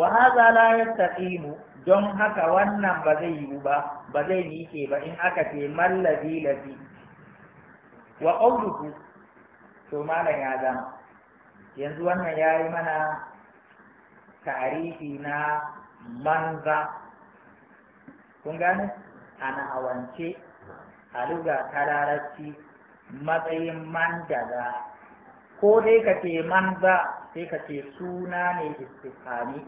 wa haza la yastaqimu don haka wannan ba zai yiwu ba ba zai miƙe ba in aka ce mallazi lazi wa qawluhu to malam ya zama yanzu wannan yayi mana tarihi na manza kun gane a na'awance a ta larabci matsayin mandaza ko dai ka ce manza sai ka ce suna ne istifani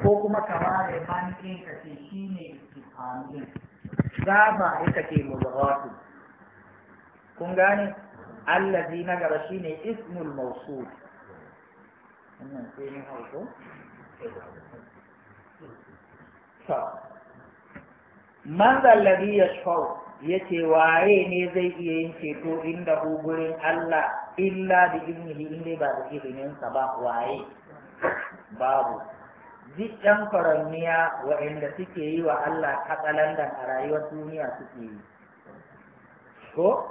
ko kuma ka ware manikin ka ce shi ne istifamin zaba ita ke muzawatu kun gane allazi na gaba shi ne ismul mausu wannan sai ni hauko man zallabi ya shafau ya ce waye ne zai iya yin ceto inda hu gurin Allah illa da iznihi in dai ba da izininsa ba waye babu duk ɗan waɗanda suke yi wa Allah katsalandan a rayuwar duniya suke yi ko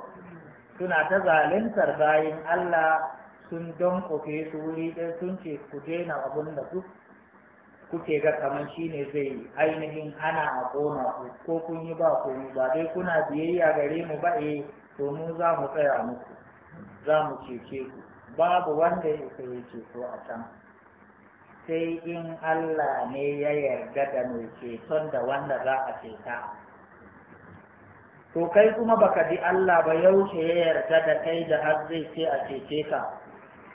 suna ta zaluntar bayan Allah sun don kofe su wuri ɗaya sun ce ku daina abin da duk kuke ga kamar shi ne zai ainihin ana a ƙona ku ko kun yi ba ku ba dai kuna biyayya gare mu ba e, to mu za mu tsaya muku za mu cece ku babu wanda ya isa ya ceto a can sai in Allah ne ya yarda da mai ceton da wanda za a ceta to kai kuma baka ji Allah ba yaushe ya yarda da kai da har zai ce a cece ka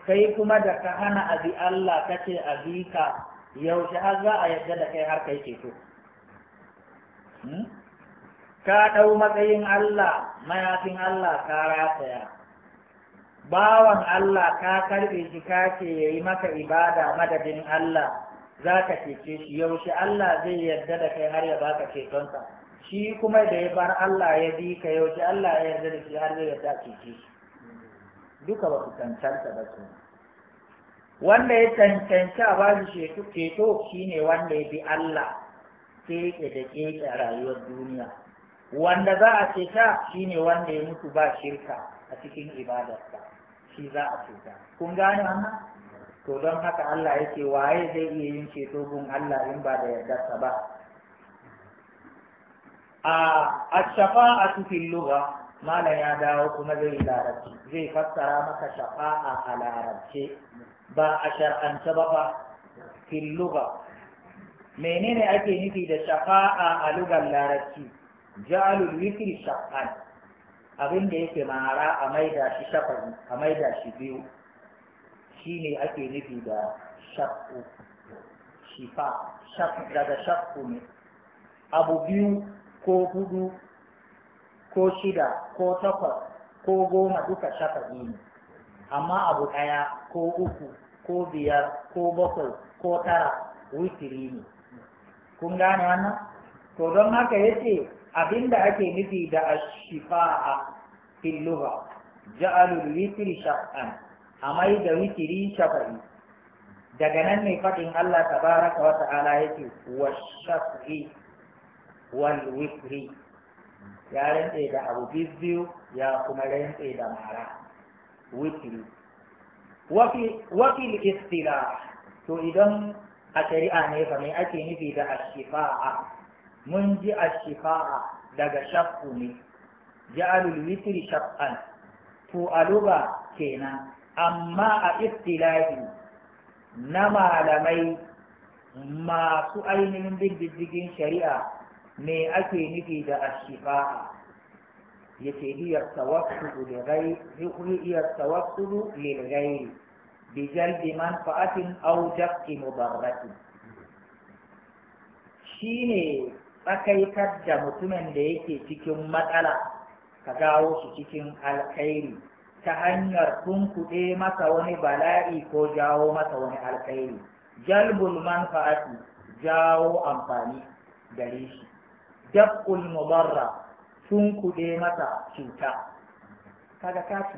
kai kuma da ka hana a bi Allah kace a bi ka yaushe har za a yarda da kai har kai ceto hmm? ka ɗau matsayin Allah mayafin Allah ka rataya bawan Allah ka karɓe shi ka ce ya yi maka ibada madadin Allah za ka cece yaushe Allah zai yarda da kai har ya baka cetonsa shi kuma da ya bar Allah ya bi ka yaushe Allah ya yarda da shi har zai yarda cece shi duka ba ku cancanta ba su wanda ya cancanci a ba shi ceto shi ne wanda ya bi Allah keke da keke a rayuwar duniya wanda za a ceta shi ne wanda ya mutu ba shirka a cikin ibadarsa shi za a cuta kun gane wannan to don haka Allah yake waye zai iya yin ceto gun Allah in ba da yardarsa ba a ash-shafa'atu fil lugha Malam ya dawo kuma zai larabci zai fassara maka shafa'a a larabce ba a shar'ance ba ba fil lugha menene ake nufi da shafa'a a lugar larabci ja'alul witri shafa'a abin da yake mara a maida shi shafari a maida shi biyu shi ne ake nufi da shakku shifa daga shakku ne abu biyu ko hudu ko shida ko takwas ko goma duka shafari ne amma abu ɗaya ko uku ko biyar ko bakwai ko tara witiri ne kun gane wannan to don haka yace abinda ake nufi da ashifa'a fil lugha ja'alul witri shaf'an amai da witri shafari, daga nan ne faɗin Allah tabaraka wa ta'ala yake washafi wal witri ya rantse da abu biyu ya kuma rantse da mara witri wakil istila to idan a shari'a ne fa mai ake nufi da ashifa'a mun ji a shifa'a daga shakku ne ja'alul witri shak'an to a luga kenan amma a istilahi na malamai masu ainihin diddigin shari'a me ake nufi da ashifa'a yace hiyar tawassudu da gai hiyar tawassudu lil gairi bi jalbi manfa'atin aw dafi mudarratin shine tsakaitar da mutumin da yake cikin matsala ka gawo shi cikin alkhairi ta hanyar tunkuɗe masa wani bala'i ko jawo masa wani alkhairi jalbul manfa'ati jawo amfani gare shi dab'ul mubarra tunkuɗe masa cuta kaga ka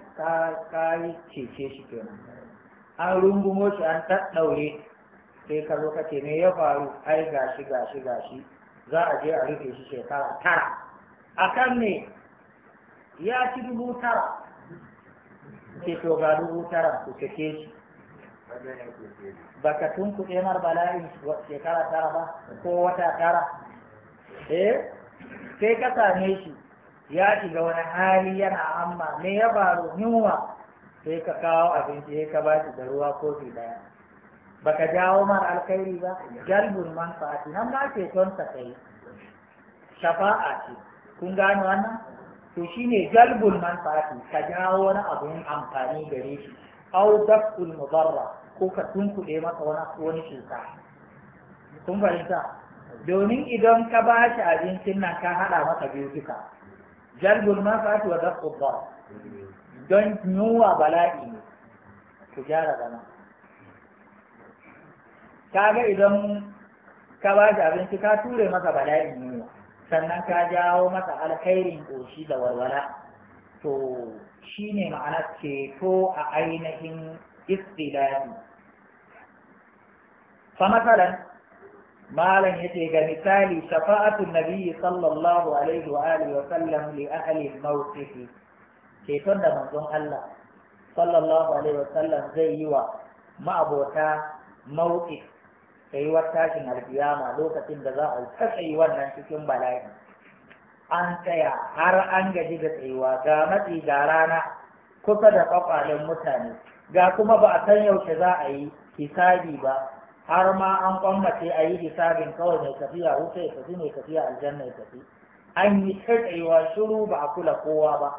ka cece shi kenan an rungumo shi an ɗaɗɗaure sai ka zo ka ce me ya faru ai gashi gashi gashi za a je a rufe shi shekara tara a kan ne ya ci dubu tara ke to ga dubu tara ku sake shi baka tun kuɗe mar bala'in shekara tara ba ko wata tara eh sai ka same shi ya shiga wani hali yana amma me ya faru yunwa sai ka kawo abinci ya ka ba shi da ruwa kofi daya baka jawo mar alkhairi ba jalbul manfaati nan ba ke son ta kai shafa'a ce kun gano wannan to shine jalbul manfaati ka jawo wani abun amfani gare shi aw daful mudarra ko ka tunkuɗe masa wani wani cuta kun fahimta domin idan ka ba shi abincin nan ka haɗa masa biyu duka jalbul manfaati wa daful mudarra don nuwa bala'i ne ku gyara zama Ka ga idan ka ba shi abinci ka ture masa bala'in nuna sannan ka jawo masa alkhairin ƙoshi da walwala to shi ne ma'anar ceto a ainihin istilahi fa masalan malam ya ce ga misali shafa'atun nabiyyi sallallahu alaihi wa alihi wa sallam li ahli mawqifi ceton da manzon Allah sallallahu alaihi wa sallam zai yi wa ma'abota mawqif yi tashin alkiyama lokacin da za a ta tsayi wannan cikin bala'i an tsaya har an gaji da tsayuwa ga matsi ga rana kusa da kwakwalen mutane ga kuma ba a san yaushe za a yi hisabi ba har ma an kwammace a yi hisabin kawai mai tafiya wuce ya tafi mai tafiya aljanna ya tafi an yi ta tsayuwa shiru ba a kula kowa ba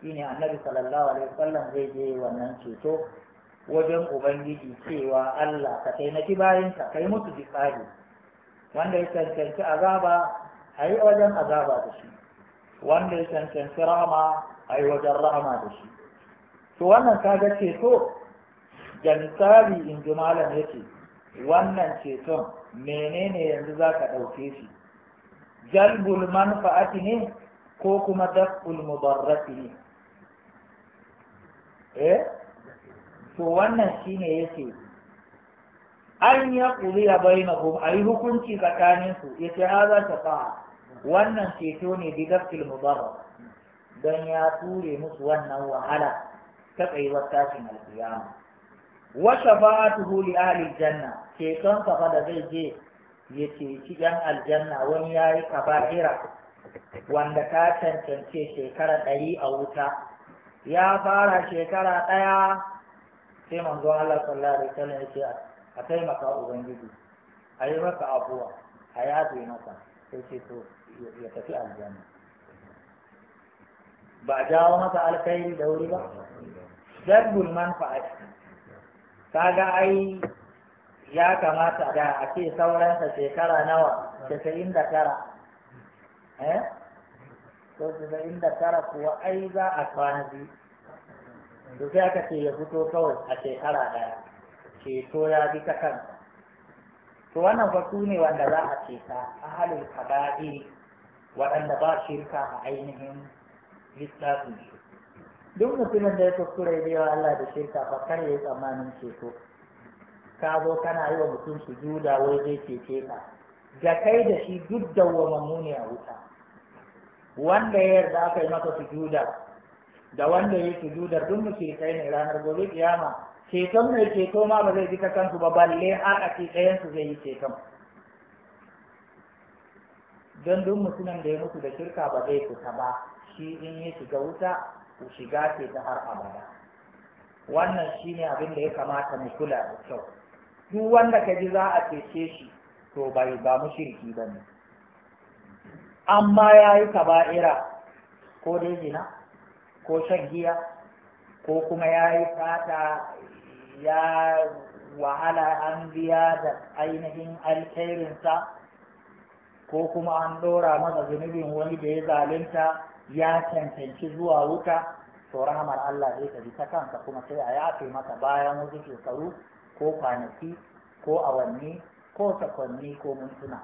shine annabi sallallahu alaihi wasallam zai je wannan ceto wajen ubangiji cewa Allah ka taimaki ka kai musu jihadi wanda ya cancanci azaba a yi wajen azaba da shi wanda ya cancanci rahama a yi wajen rahama da shi to wannan kaga ceto da misali in ji malam ya ce wannan ceton menene yanzu za ka ɗauke shi jalbul manfa'ati ne ko kuma daf'ul mudarrati ne eh to wannan shi ya yake an ya a bai na kuma. a yi hukunci tsakaninsu ya ce ha za ta wannan ceto ne bi gafil mubarak don ya ture musu wannan wahala ta tsayuwar tashin alkiyama wa shafa'atuhu li ahli janna ceton kafa da zai je ya ceci yan aljanna wani ya yi kaba'ira wanda ta cancance shekara ɗari a wuta ya fara shekara ɗaya sai manzo Allah sallallahu alaihi wasallam yake a taimaka ubangiji a yi maka abuwa a yafe maka sai ce to ya tafi aljanna ba a jawo masa alkhairi da wuri ba jabbul manfa'a kaga ai ya kamata da a ce sauran sa shekara nawa casa'in da tara eh to casa'in da tara kuwa ai za a kwana biyu to sai aka ce ya fito kawai a shekara ɗaya ceto ya bi ta kan to wannan fa ne wanda za a ceta ahalul kaba'iri waɗanda ba shirka a ainihin lissafin shi duk mutumin da ya kuskure da yawa Allah da shirka fa kar ya yi tsammanin ceto ka zo kana yi wa mutum sujuda wai zai cece ka da kai da shi duk dawwamammu ne a wuta wanda ya yarda aka yi maka sujuda da wanda ya sujudar duk kai ne ranar gobe kiyama ceton mai ceto ma ba zai ji ta kansu ba balle har a ce ɗayan su zai yi ceton don duk mutumin da ya mutu da shirka ba zai fita ba shi in ya shiga wuta ku shiga ce ta har abada wannan shine abin da ya kamata mu kula da kyau duk wanda ka ji za a cece shi to bai ba shirki ba ne amma ya yi kaba'ira ko dai jina? ko shan giya ko kuma ya yi fata ya wahala an biya da ainihin alkhairinsa ko kuma an ɗora masa zunubin wani da ya zalunta ya cancanci zuwa wuta to rahamar Allah zai tafi ta kansa kuma sai a yafe masa bayan wasu shekaru ko kwanaki ko awanni ko sakonni ko mintuna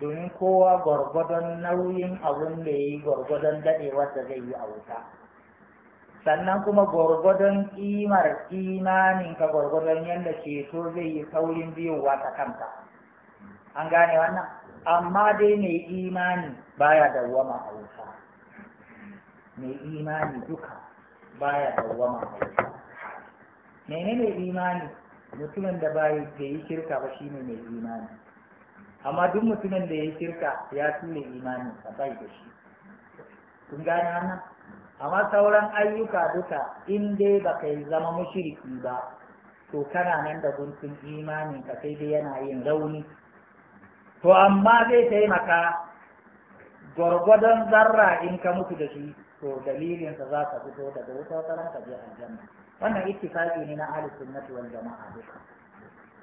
domin kowa gwargwadon nauyin abin da ya yi gwargwadon daɗewar da zai yi a wuta sannan kuma gwargwadon ƙimar imaninka gwargwadon yadda ceto zai yi saurin biyowa ta kanta, an gane wannan amma dai mai imani baya dawwama a wuta mai imani duka baya dawwama a wuta menene imani mutumin da bai da yi shirka ba shine mai imani amma duk mutumin da ya yi shirka ya tule imanin sa bai da shi kun gane wannan amma sauran ayyuka duka in dai ba kai zama mushriki ba to kana nan da guntun imanin ka sai dai yana yin rauni to amma zai taimaka gwargwadon zarra in ka mutu da shi to dalilinsa za ka fito daga wata wata ka je aljanna wannan ittifaqi ne na ahli sunnati wal jama'a duka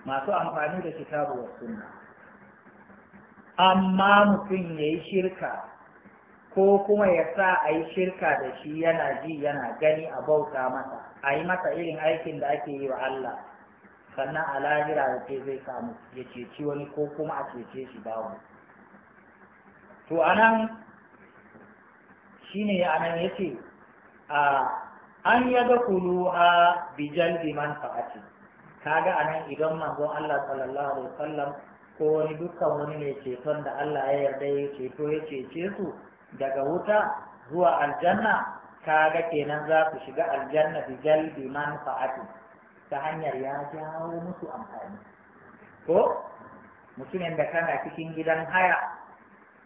masu amfani da kitabu wa sunna amma mutum yayi shirka ko kuma ya sa a yi shirka da shi yana ji yana gani a bauta masa a yi masa irin aikin da ake yi wa Allah sannan a lahira da ce zai samu ya ceci wani ko kuma a cece shi bawo to anan shine anan ya ce? a an yaga kuluha bi jalbi man fa'ati kaga anan idan manzon Allah sallallahu alaihi wasallam ko wani dukkan wani mai ceton da Allah ya yarda ya ceto ya cece su daga wuta zuwa aljanna kaga kenan za su shiga aljanna bi jalbi manfa'ati ta hanyar ya jawo musu amfani ko mutumin da kana cikin gidan haya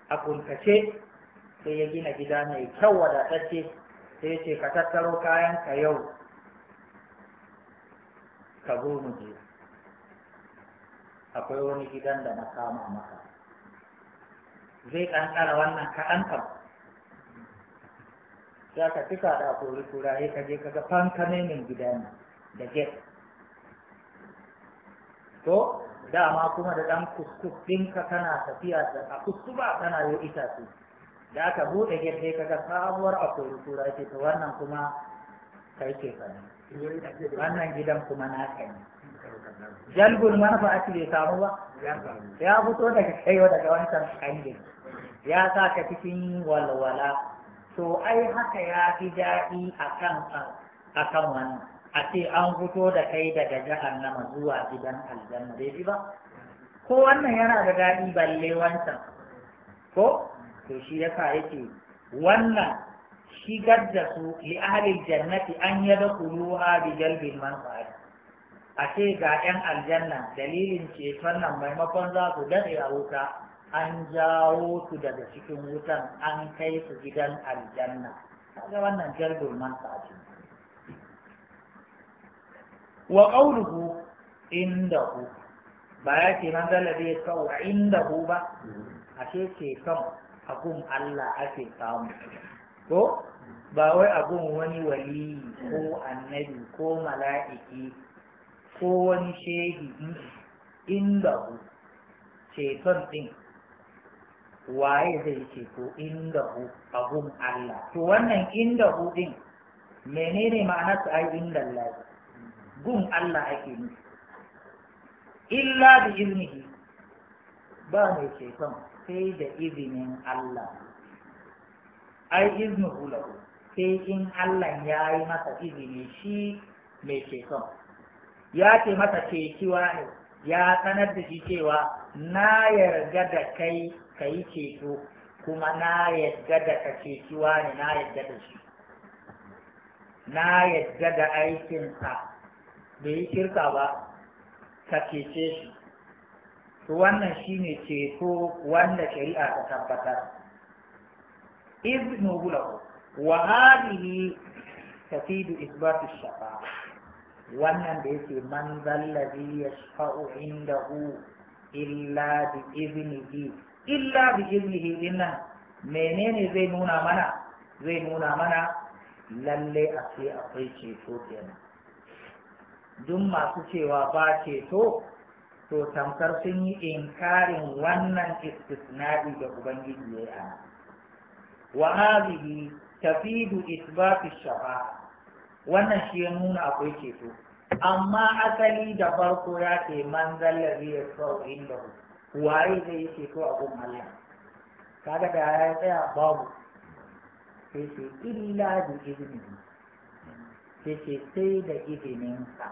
a kuntace sai ya gina gida mai kyau wadatacce sai ya ce ka tattaro kayan ka yau ka zo mu je akwai wani gidan da na kama maka zai kankara wannan kaɗan kam za ka fi da kori kura sai ka je kaga fankamemin gida ne da get to dama kuma da ɗan kuskus ɗinka kana tafiya a kuskuba kana itatu. su da aka buɗe get sai kaga sabuwar a kori kura ce to wannan kuma kai ke fani wannan gidan kuma na kai ne manufa a bai samu ba ya fito daga kai daga wancan kangin ya sa ka cikin walwala to ai haka ya fi daɗi a kan wannan a ce an fito da kai daga jihar jahannama zuwa gidan aljanna bai fi ba ko wannan yana da daɗi balle wancan ko to shi ya sa yake wannan shigar da su li ahlil jannati an yadkhuluha bi jalbil manfaat a ce ga 'yan aljanna dalilin ceton nan maimakon za su daɗe a wuta an jawo su daga cikin wutan an kai su gidan aljanna kaga wannan jarbul mansa a cikin wa qawluhu indahu ba ya ce man zalabe kawo indahu ba ashe ce kan abun Allah ake samu ko ba wai abun wani wali ko annabi ko mala'iki ko wani shehi indahu ceton ɗin waye zai ce ko inda hu abun Allah to wannan inda hu din menene ma'anar su ai inda Allah gun Allah ake nufi illa bi ilmihi ba mai ceton sai da izinin Allah ai iznu lahu sai in Allah ya yi masa izini shi mai ceton ya ce masa cekiwa ne ya sanar da shi cewa na yarda da kai ka yi ceto kuma na yarda da ka cetuwa ne na yarda da shi na yarda da aikinsa bai yi shirka ba ka cece shi to wannan shine ceto wanda shari'a ta tabbatar ibnu bulahu wa hadhihi tafidu isbatu shafa'a wannan da yake man zallabi ya shafa'u hu illa bi iznihi illa bi iznihi dinnan menene zai nuna mana zai nuna mana lalle a ce akwai ceto kenan duk masu cewa ba ceto to tamkar sun yi inkarin wannan istisna'i da ubangiji ya yi ana wa hadhihi tafidu isbati shafa'a wannan shi ya nuna akwai ceto amma asali da farko ya ce man zallabi ya sau inda waye zai yi ceto a gun Allah kaga da ya tsaya babu sai ce illa da izini sai ce sai da izininsa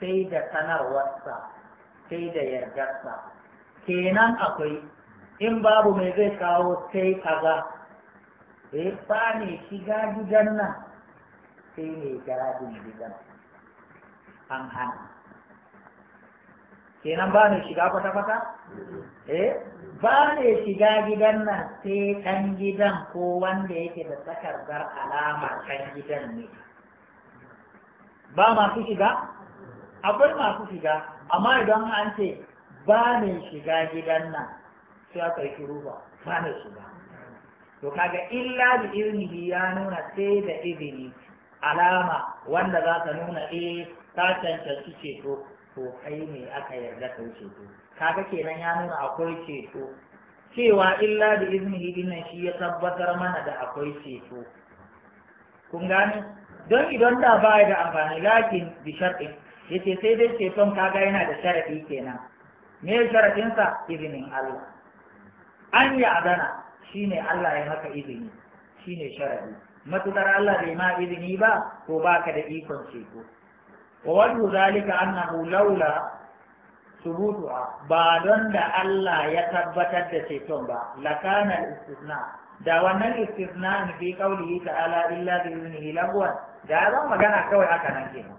sai da sanarwarsa sai da yardarsa kenan akwai in babu mai zai kawo sai kaza eh ba ne shiga gidan nan sai mai garadin gidan an hana kenan ba ne shiga kwata-kwata? eh ba ne shiga gidan nan sai ɗan gidan ko wanda yake da takardar alama ɗan gidan ne ba masu shiga? akwai masu shiga amma idan an ce ba ne shiga gidan nan sai aka yi ruwa ba ba ne shiga to kaga illa bi izini ya nuna sai da izini alama wanda za ka nuna e eh, ka cancanci ceto to kai ne aka yarda kai ceto kaga kenan ya nuna akwai ceto cewa illa da iznihi dinnan shi ya tabbatar mana da akwai ceto kun gane don idan da ba da amfani lakin bi sharɗin yace sai dai ceton kaga yana da sharaɗi kenan me sharaɗinsa izinin Allah an yi adana shine Allah ya maka izini shine sharaɗi matukar Allah bai ma izini ba ko baka da ikon ceto wa wajhu zalika annahu laula subutuha ba don da Allah ya tabbatar da ceton ba lakana istisna da wannan istisna ne bi qawlihi ta'ala illa bi iznihi lagwan da zan magana kawai haka nan kenan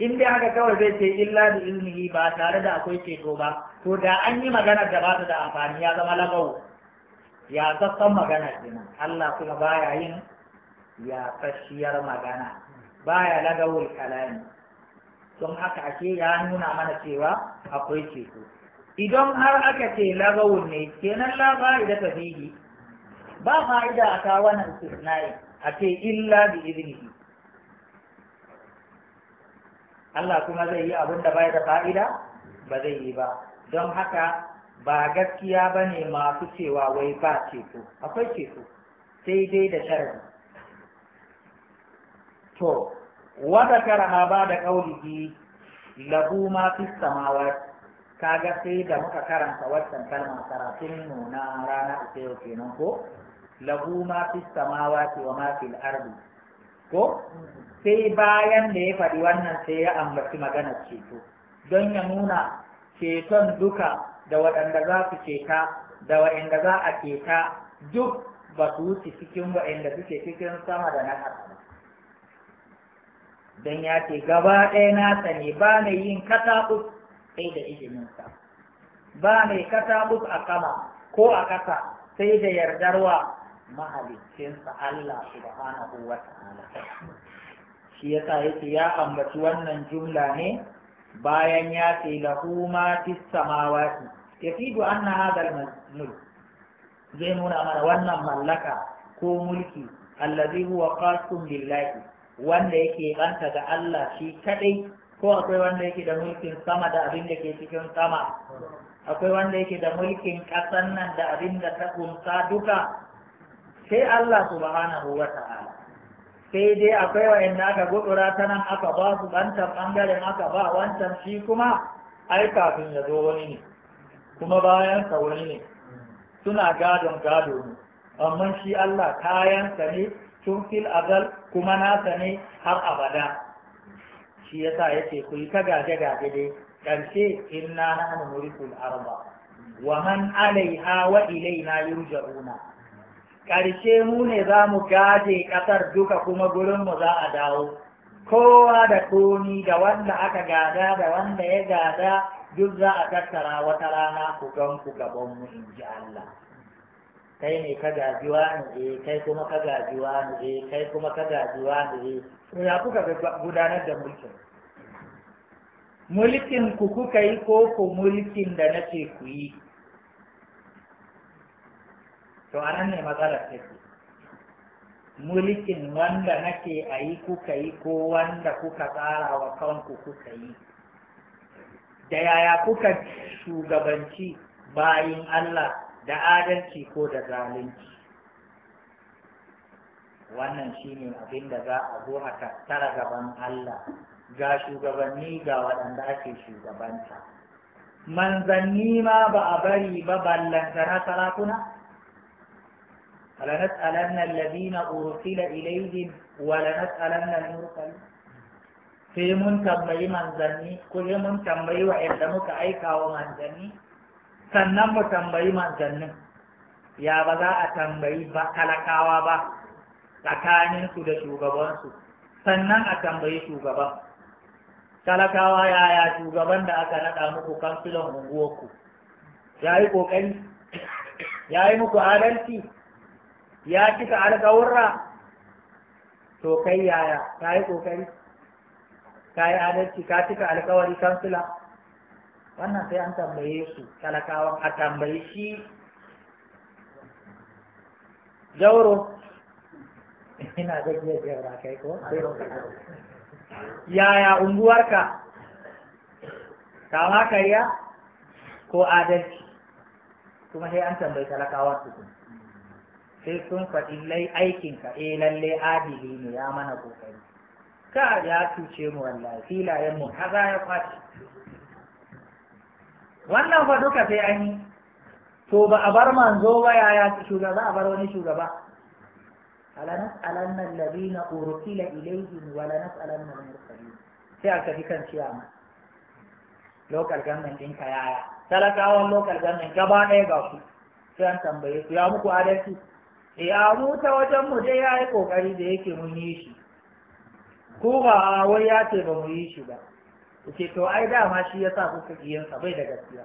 in dai haka kawai zai ce illa bi iznihi ba tare da akwai ceto ba to da an yi maganar da ba ta da amfani ya zama lagau ya sassan magana kenan Allah kuma baya yin ya fashiyar magana baya lagawul kalami don haka ake ya nuna mana cewa akwai ceto idan har aka ce lagawul ne kenan la fa'ida ta fihi ba fa'ida a kawo wannan istisnai a ce illa bi iznihi Allah kuma zai yi abin da bai da fa'ida ba zai yi ba don haka ba gaskiya ba ne masu cewa wai ba ceto akwai ceto sai dai da sharadi to wa zakara ba da qaulihi lahu ma fi samawati kaga sai da muka karanta wannan kalma karatun nuna rana ta yau kenan ko lahu ma fi samawati wa ma fil ardi ko sai bayan da ya faɗi wannan sai ya ambaci maganar ceto don ya nuna ceton duka da waɗanda za su ceta da waɗanda za a ceta duk ba su wuce cikin waɗanda suke cikin sama da na ƙasa Dan ya ce gaba ɗaya nasa ne ba mai yin kataɓus sai da izininsa ba mai kataɓus a kama ko a ƙasa sai da yardarwa mahaliccinsa Allah subhanahu wa ta'ala shi yasa yake ya ambaci wannan jumla ne bayan ya ce lahu ma fis samawati yafidu anna hadha mulk zai nuna mana wannan mallaka ko mulki allazi huwa qasum billahi wanda yake banta ga Allah shi kadai ko akwai wanda yake da mulkin sama da abin da ke cikin sama akwai wanda yake da mulkin ƙasan nan da abin da ta kunsa duka sai Allah subhanahu wa ta'ala sai dai akwai wa'anda aka gudura ta nan aka ba su bantan ɓangaren aka ba wancan shi kuma ai kafin ya zo wani ne kuma bayan sa wani ne suna gadon gado ne amma shi Allah kayansa ne turfil azal kuma nasa ne har abada shi yasa yace ku yi ta gaje gaje dai karshe inna nahnu nurisul arba wa man alaiha wa ilaina yurja'una karshe mu ne za mu gaje ƙasar duka kuma gurin mu za a dawo kowa da koni da wanda aka gada da wanda ya gada duk za a tattara wata rana ku gan ku gaban mu in ji Allah kai ne ka gaji wani eh kai kuma ka gaji wani eh kai kuma ka gaji wani eh to ya kuka gudanar da mulkin mulkin ku kuka yi ko ku mulkin da nake ku yi to anan ne matsalar take mulkin wanda nake a yi kuka yi ko wanda kuka tsara wa kanku kuka yi da yaya kuka shugabanci bayin Allah da adalci ko da zalunci wannan shine abin da za a zo a tattara gaban Allah ga shugabanni ga waɗanda ake shugabanta manzanni ma ba a bari ba ballantana sarakuna ولنسألن الذين أرسل إليهم ولنسألن المرسلين sai mun tambayi manzanni ko sai mun tambayi wa muka aika wa manzanni sannan mu tambayi manzannin ya ba za a tambayi ba talakawa ba tsakaninsu da shugabansu sannan a tambayi shugaban talakawa yaya shugaban da aka naɗa muku kansulan unguwarku ya yi ƙoƙari ya yi muku adalci ya cika alƙawurra to kai yaya ka yi ƙoƙari ka yi adalci ka cika alƙawari kansula wannan sai an tambaye su talakawan a tambayi shi jauro ina da iya kai ko yaya unguwarka kama karya ko adalci kuma sai an tambayi talakawan su sai sun faɗi lai aikinka eh lalle adili ne ya mana kokari ka ya cuce mu wallahi filayen mu kaza ya kwace wannan fa duka sai an yi to ba a bar manzo ba yaya shugaba a bar wani shugaba alanas'alanna alladhina urkila ilayhim wa lanas'alanna al-mursalin sai aka fi kan ma local government din ka yaya talakawan local government gaba ɗaya ga su sai an tambaye su ya muku adalci eh a mu ta wajen mu dai yayi kokari da yake mun yi shi ko ba wai ya ce ba mu yi shi ba ce to ai dama shi ya sa kuka kiyansa bai da gaskiya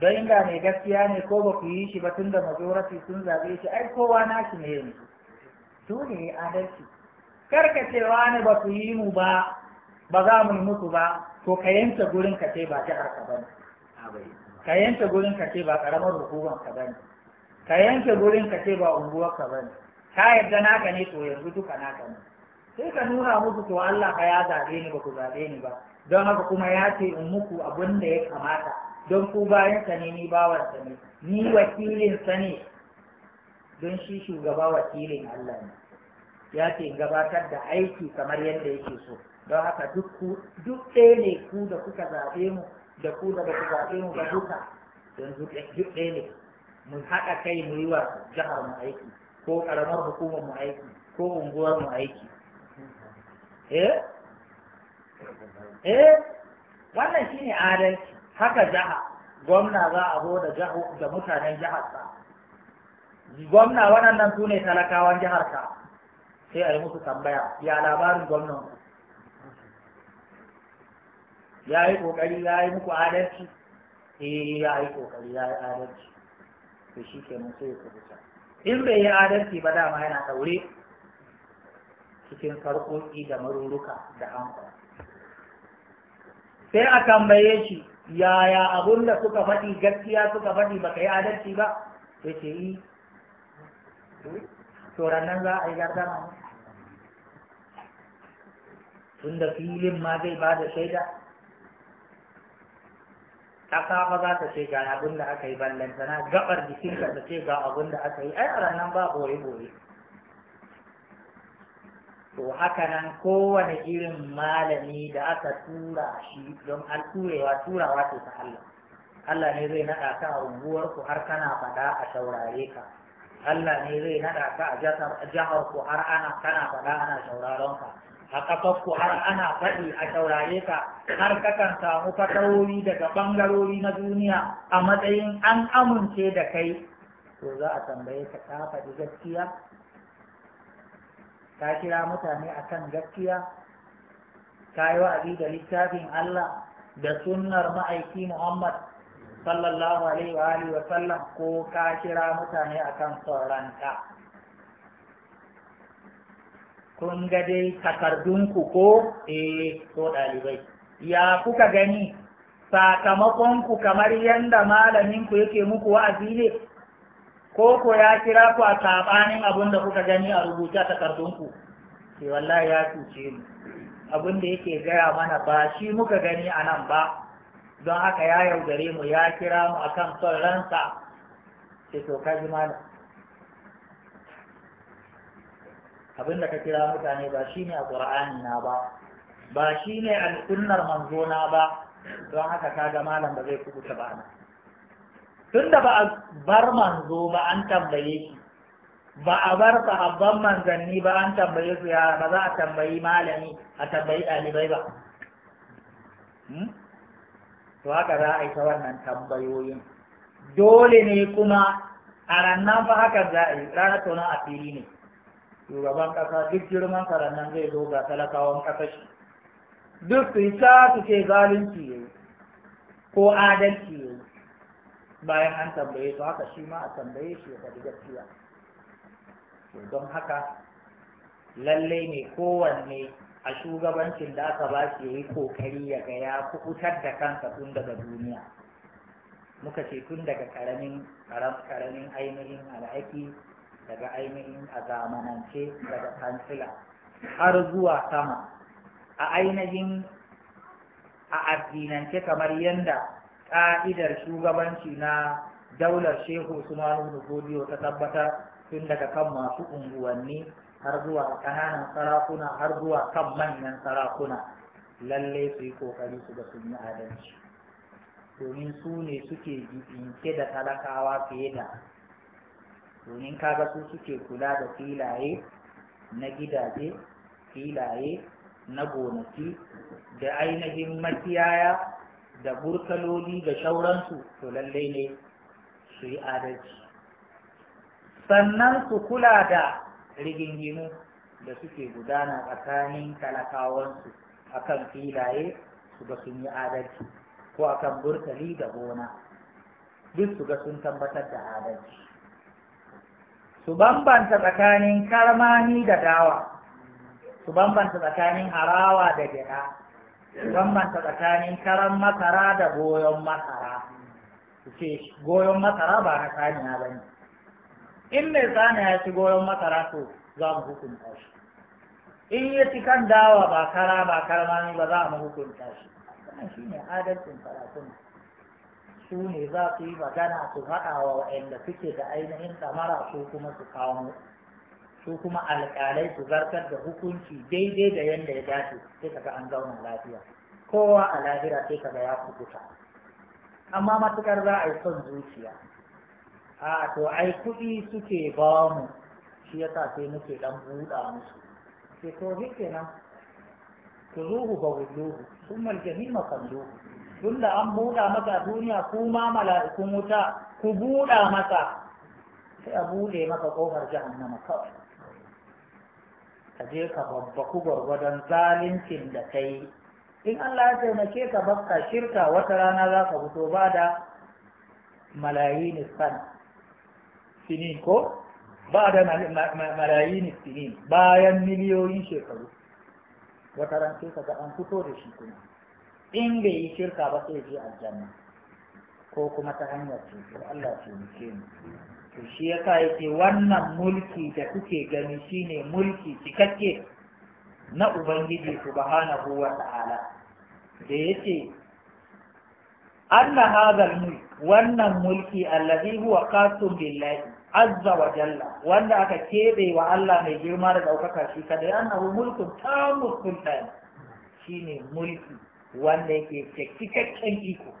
don inda mai gaskiya ne ko ba ku yi shi ba tun da majority sun zaɓe shi ai kowa na shi ne yanzu dole ne adalci ka ce ne ba ku yi mu ba ba za mu yi muku ba to ka yanke gurin ka ce ba jihar ka bane ka yanke gurin ka ce ba karamar hukumar ka bane ka yanke gurin ka ce ba unguwar ka bane ka yarda naka ne to yanzu duka naka ne sai ka nuna musu to Allah ka ya zaɓe ni ba ku zaɓe ni ba don haka kuma ya ce in muku abin da ya kamata don ku bayan sa ne ni bawan sa ne ni wakilin sa ne don shi shugaba wakilin Allah ne ya ce gabatar da aiki kamar yadda yake so don haka duk ɗaya ne ku da kuka zaɓe mu da ku da kuka zaɓe mu ba duka don duk ɗaya ne mu haɗa kai mu yi wa jihar mu aiki ko ƙaramar hukumar mu aiki ko unguwar mu aiki eh eh wannan shine adalci haka jaha gwamna za a zo da jahu da mutanen jihar sa gwamna waɗannan su ne talakawan jihar ka sai a yi musu tambaya ya labarin gwamnan ya yi ƙoƙari ya yi muku adalci eh ya yi ƙoƙari ya yi adalci to shi ke sai ya kubuta in bai yi adalci ba dama yana daure. cikin sarƙoƙi da maruruka da hankali sai a tambaye shi yaya abun da suka faɗi gaskiya suka faɗi baka yi adalci ba ya ce yi eh. nan za a yi gardama ne? tunda filin ma zai ba da shaida ƙasa ba za ta ce ga abin da aka yi na gabar jikinka ta ce ga abin da aka yi ai a ranar ba bore-bore to haka nan kowane irin malami da aka tura shi don an turewa turawa ce ta Allah Allah ne zai naɗa ka a unguwar ku har kana faɗa a saurare ka Allah ne zai naɗa ka a jihar ku har ana kana faɗa ana sauraron ka a ƙasar ku har ana faɗi a saurare ka har kakan samu fatarori daga ɓangarori na duniya a matsayin an amince da kai to za a tambaye ka ta faɗi gaskiya ka kira mutane akan gaskiya ka yi wa'azi da littafin Allah da sunnar ma'aiki Muhammad sallallahu alaihi wa alihi wa sallam ko ka kira mutane akan sauranka kun ga dai takardunku ko eh ko ɗalibai ya kuka gani sakamakon ku kamar yadda malaminku yake muku wa'azi ne ko ko ya kira ku a saɓanin abin da kuka gani a rubuce a ku? sai eh, wallahi ya cuce mu abin da yake gaya mana ba shi muka gani a nan ba don haka ya yaudare mu ya kira mu akan son ransa sai eh, to ka ji mana abin da ka kira mutane ba shi ne a ƙur'ani na ba ba shi ne al'unnar manzo na ba don haka ka ga malam da zai kubuta ba na tun da ba a bar manzo ba an tambaye shi ba a bar sahabban manzanni ba an tambaye su ya ba za a tambayi malami a tambayi ɗalibai ba hmm? to haka za a yi ta wannan tambayoyin dole ne kuma a rannan fa haka za a yi ranar tonon a fili ne shugaban ƙasa duk girman rannan zai zo ga talakawan ƙasa shi duk su yi ta su ce zalunci ko adalci ya bayan an tambaye su haka shi ma a tambaye shi ya faɗi gaskiya don haka lallai ne kowanne a shugabancin da aka ba shi ya yi kokari ya ga ya kukutar da kansa tun daga duniya muka ce tun daga karamin karamin ainihin alhaki daga ainihin a zamanance daga kansila har zuwa sama a ainihin a addinance kamar yadda ka'idar shugabanci na daular shehu usman ibn godiyo ta tabbatar tun daga kan masu unguwanni har zuwa ƙananan sarakuna har zuwa kan manyan sarakuna lalle su yi kokari su ga sun adalci domin su ne suke jibinke da talakawa fiye da domin kaga su suke kula da filaye na gidaje filaye na gonaki da ainihin makiyaya da burtaloli da shauransu to lallai ne su yi adalci sannan su kula da rigingimu da suke gudana tsakanin talakawansu kan filaye su ga sun yi adalci ko akan burtali da gona duk su ga sun tabbatar da adalci su bambanta tsakanin karmani da dawa su bambanta tsakanin harawa da gyada bambanta tsakanin karan masara da goyon masara ce goyon masara ba na saniya ba ne in mai saniya ya ci goyon masara to za mu hukunta shi in ya ci kan dawa ba kara ba ne ba za mu hukunta shi wannan shi ne adalcin karatun su ne za su yi magana su haɗa wa waɗanda suke da ainihin tsamara su kuma su kawo su kuma alƙalai su zartar da hukunci daidai da yadda ya dace sai kaga an zauna lafiya kowa a lahira sai kaga ya kubuta amma matukar za a yi son zuciya a to ai kuɗi suke ba mu shi yasa sai muke dan buɗa musu sai to kenan ruhu fa wulluhu maljami al ruhu tun da an buɗa masa duniya ku ma mala'ikun wuta ku buɗa masa sai a buɗe maka ƙofar jahannama kawai ka je ka babbaku gwargwadon zalincin da ka yi in Allah ya taimake ka baka shirka wata rana za ka fito ba da malayini san sini ko ba da malayini sini bayan miliyoyin shekaru wata ran sai kaga an fito da shi kuma in bai yi shirka ba sai je aljanna ko kuma ta hanyar ceto Allah ya taimake mu to shi yasa yake wannan mulki da kuke gani shine mulki cikakke na ubangiji subhanahu wa ta'ala da ya ce anna hadha mulki wannan mulki allazi huwa kasu billahi azza wa jalla wanda aka keɓe wa Allah mai girma da ɗaukaka shi kada ya annahu mulkin tamus shi shine mulki wanda yake cikakken iko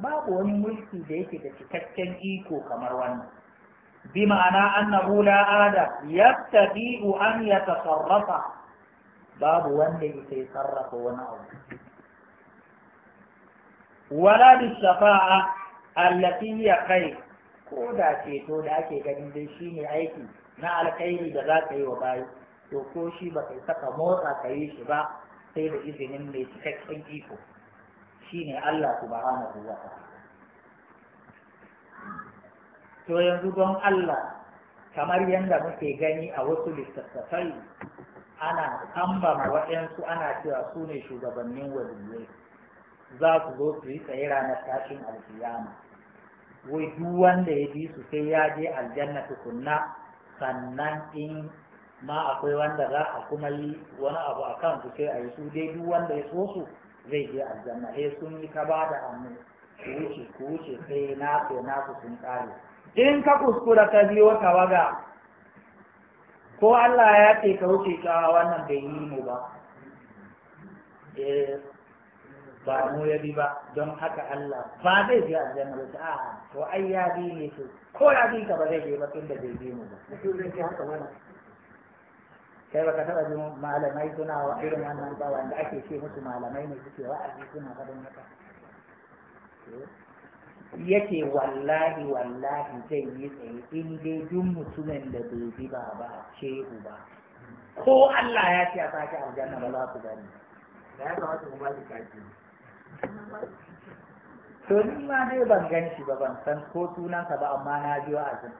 babu wani mulki da yake da cikakken iko kamar wannan bi ma'ana annahu la ada yattabi'u an yatasarrafa babu wanda yake sarrafa wani abu wala bi shafa'a allati ya kai ko da ceto da ake ganin dai shine aiki na alkhairi da za ka yi wa bayi to ko shi ba kai saka motsa ka shi ba sai da izinin mai cikakken iko Shi ne Allah subhanahu wa ta. to yanzu don Allah kamar yadda muke gani a wasu littattafai ana kambama waɗansu ana cewa su ne shugabannin waliyai za su zo su yi tsaye ranar tashin alkiyama wai duk wanda ya bi su sai ya je aljanna tukunna sannan in ma akwai wanda za a kuma yi wani abu a kansu sai a yi su dai duk wanda ya so su zai je aljanna sai eh, sun yi ka ba da hannu ku wuce ku wuce sai na so na ku sun kare in ka kuskura ka biyo tawaga ko Allah ya ce ka wuce ka wannan bai yi mu ba eh ba mu ya bi ba don haka Allah ba zai je aljanna ba a to ai ya bi ne to ko ya bi ka ba zai je ba tun da bai bi mu ba kai baka taba jin malamai suna wa irin wannan ba wanda ake ce musu malamai ne suke aji suna faɗin haka yake wallahi wallahi zai yi tsaye in dai duk mutumin da bai bi ba ba shehu ba ko Allah ya ce a sake aljanna ba za ku gani da ya kamata mu ba shi kaji to ni ma dai ban gan shi ba ban san ko ka ba amma na biyo a wa'azin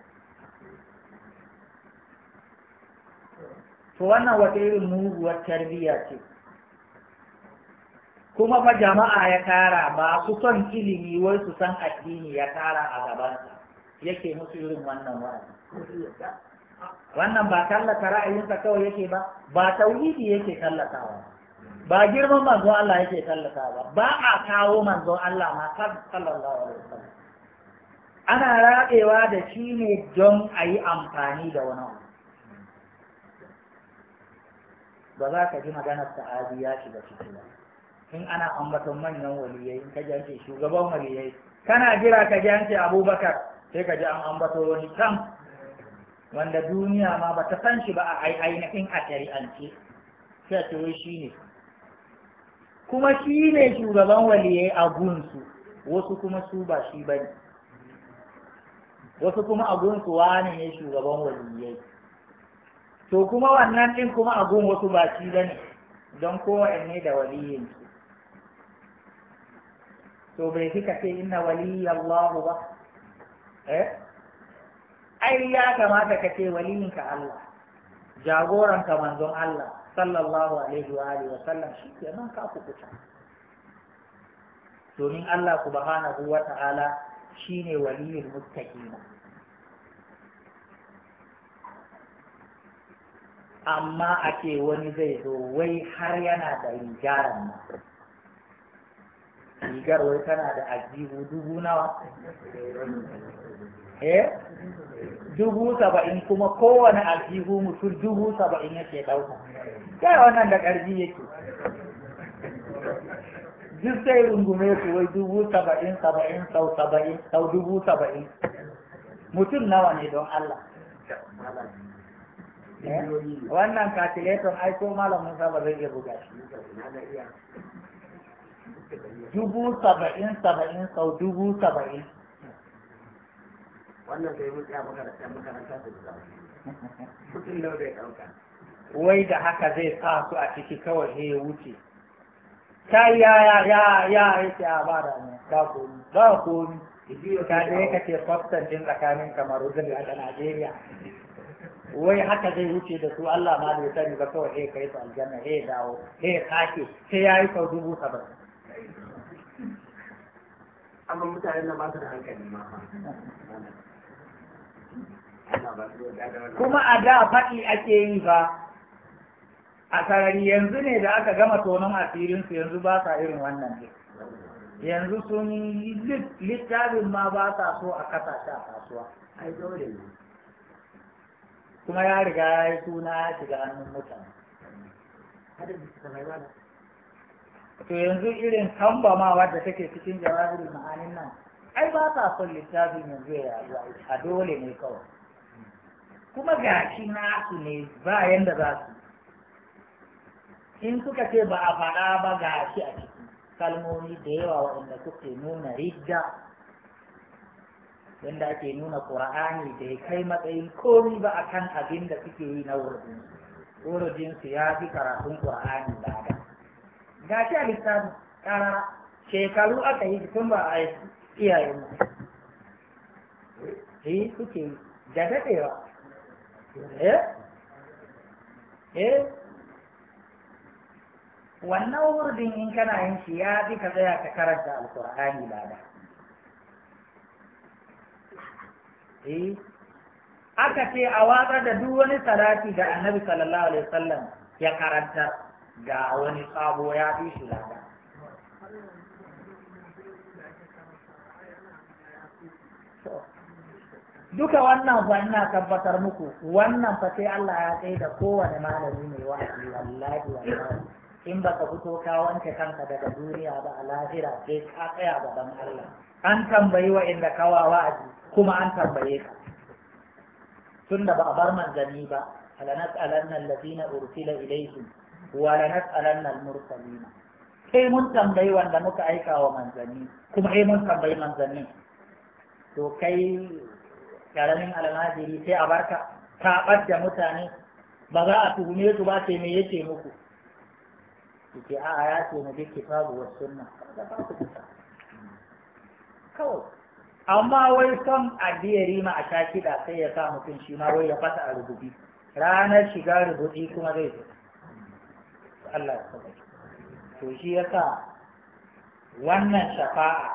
to wannan wata irin muguwar tarbiyya ce kuma fa jama'a ya kara ba su son ilimi wai su san addini ya kara a gabansa yake musu irin wannan wa'azi wannan ba tallata ra'ayinsa kawai yake ba ba tauhidi yake tallatawa ba girman manzo Allah yake tallatawa ba a kawo manzo Allah ma sallallahu alaihi wasallam ana raɗewa da shi ne don a yi amfani da wani ba za ka ji maganar Sa'adi ya shiga ciki ba in ana ambaton manyan waliyai ka ji an ce shugaban waliyai kana jira ka ji an ce abubakar sai ka ji an ambato wani can wanda duniya ma ba ta san shi ba a ainihin a shari'ance sai a ce wai shi ne kuma shi ne shugaban waliyai a gunsu wasu kuma su ba shi ba ne wasu kuma a gunsu wane ne shugaban waliyai to kuma wannan ɗin kuma a gun wasu baki ba ne don kowanne da waliyin to bai fi ka ce inna waliyallahu ba eh ai ya kamata ka ce waliyinka Allah ka manzon Allah sallallahu alaihi wa alihi wa sallam shi ke nan ka kukuta domin Allah subhanahu wa ta'ala shine waliyul muttaqin amma a ce wani zai zo wai har yana da rigaran nan rigar wai tana da ajihu dubu nawa eh dubu saba'in kuma kowane aljihu mutum dubu saba'in yake ɗauka kai wannan da ƙarfi yake duk sai rungume su wai dubu saba'in saba'in sau saba'in sau dubu saba'in mutum nawa ne don Allah Eh? wannan calculator ai ko malam Musa ba zai iya buga shi dubu saba'in saba'in sau dubu saba'in wannan sai mun tsaya makaranta makaranta su da mutum nau zai ɗauka wai da haka zai sa su a ciki kawai sai ya wuce kai ya ya ya ya ya ya ba da ne ba komi ba komi ka je ka ce kwastan din tsakanin kamaru zai da Najeriya wai haka zai wuce da su Allah ma bai sani ba kawai sai kai su aljanna he dawo he kake sai yayi sau dubu saba'in amma mutanen nan ba su da hankali ma kuma a da faɗi ake yi ba a sarari yanzu ne da aka gama tonon asirinsu yanzu ba sa irin wannan ne yanzu sun yi littafin ma ba sa so a kasa a kasuwa ai dole ne kuma ya riga ya yi suna ya shiga hannun mutane to yanzu irin kambamawa da take cikin jawabin ma'anin nan ai ba ta son littafin yanzu ya yi a dole ne kawai kuma gashi nasu ne ba yanda za su in suka ce ba a faɗa ba ga shi a ciki kalmomi da yawa waɗanda suke nuna rigga wanda ake nuna ƙura'ani da ya kai matsayin komi ba kan abin da suke yi na wurin wurin ya fi karatun ƙura'ani ba da ga shi a littafi ƙara shekaru aka yi tun ba a iyayen mu eh suke da dadewa eh eh wannan wurin in kana yin shi ya fi ka tsaya ka karanta alƙur'ani ba da eh aka ce a watsar da duk wani salati da annabi sallallahu alaihi wasallam ya karanta ga wani sabo ya fi shi lada duka wannan fa ina tabbatar muku wannan fa sai Allah ya kai da kowane malami mai wa'azi wallahi wallahi in baka fito ka wanke kanka daga duniya ba a lahira sai ka tsaya gaban Allah an tambayi wa inda kawawa a kuma an tambaye ka tun da ba a bar manzanni ba alanat alannan lazina ursila ilaihi wa alanas alannan mursalina sai mun tambayi wanda muka aika wa manzanni kuma kai eh mun tambayi manzanni to kai karamin almajiri sai a barka ka ɓadda mutane ba za a tuhume su ba sai me yake muku yake a'a ya ce mu bi kitabu wa sunna kawai amma wai son addiya rima a sha da sai ya sa mutum shi ma wai ya fasa a rubuti ranar shiga rubuti kuma zai zo Allah ya saba to shi ya sa wannan shafa'a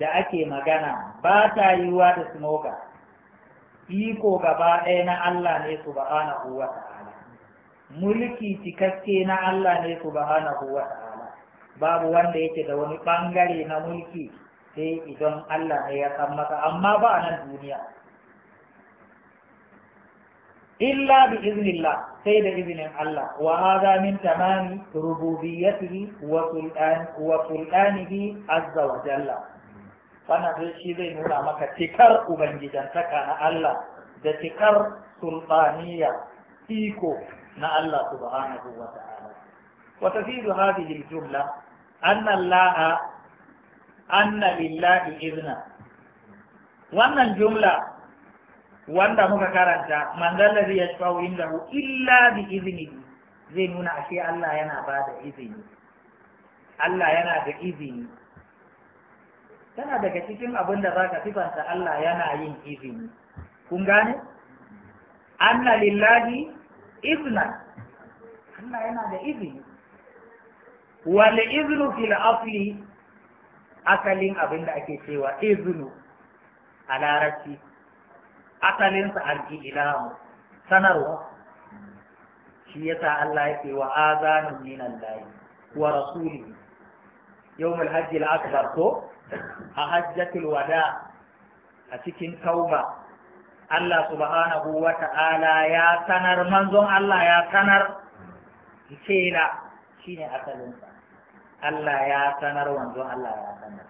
da ake magana ba ta yiwuwa da smoker iko gaba ɗaya na Allah ne subhanahu wa ta'ala mulki cikakke na Allah ne subhanahu wa ta'ala babu wanda yake da wani ɓangare na mulki sai idan Allah ne ya maka amma ba a nan duniya illa bi iznillah sai da izinin Allah wa hadha min tamami rububiyyatihi wa sultan wa sultanihi azza wa jalla wannan sai shi zai nuna maka tikar ubangijantaka na Allah da tikar sultaniya iko na Allah subhanahu wa ta'ala wa tafidu hadhihi al-jumla anna Allah anna lillahi izna wannan jumla wanda muka karanta man da ya shawo inda illa bi izini zai nuna ashe Allah yana ba da izini Allah yana da izini tana daga cikin abin da za ka sifanta Allah yana yin izini kun gane anna lillahi izna Allah yana da izini wal iznu fil asli asalin abin da ake cewa iznu a larabci asalinsa al sanarwa shi yasa Allah ya ce wa azanun min layi, wa rasuli yawmul hajj al-akbar ko a hajjatul wada a cikin tauba Allah subhanahu wa ta'ala ya sanar manzon Allah ya sanar shi shine asalinsa Allah ya sanar wanzu, Allah ya sanar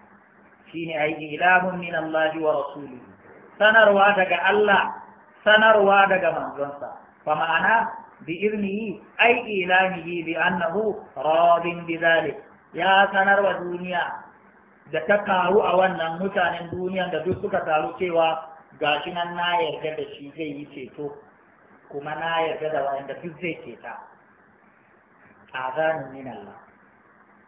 shine ai ilahun min Allah wa rasuli sanarwa daga Allah sanarwa daga manzonsa fa ma'ana bi irnihi ai ilamihi bi annahu radin bi zalik ya sanar wa duniya da ta karu a wannan mutanen duniya da duk suka taru cewa gashi nan na yarda da shi zai yi ceto kuma na yarda da wanda duk zai ceta azanin min Allah